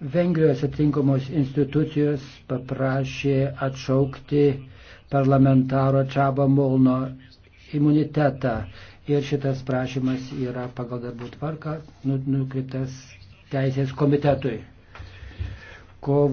Vengrijos atitinkamos institucijos paprašė atšaukti parlamentaro Čiabo Molno imunitetą. Ir šitas prašymas yra pagal darbų tvarką nu, nukreiptas teisės komitetui. Kovo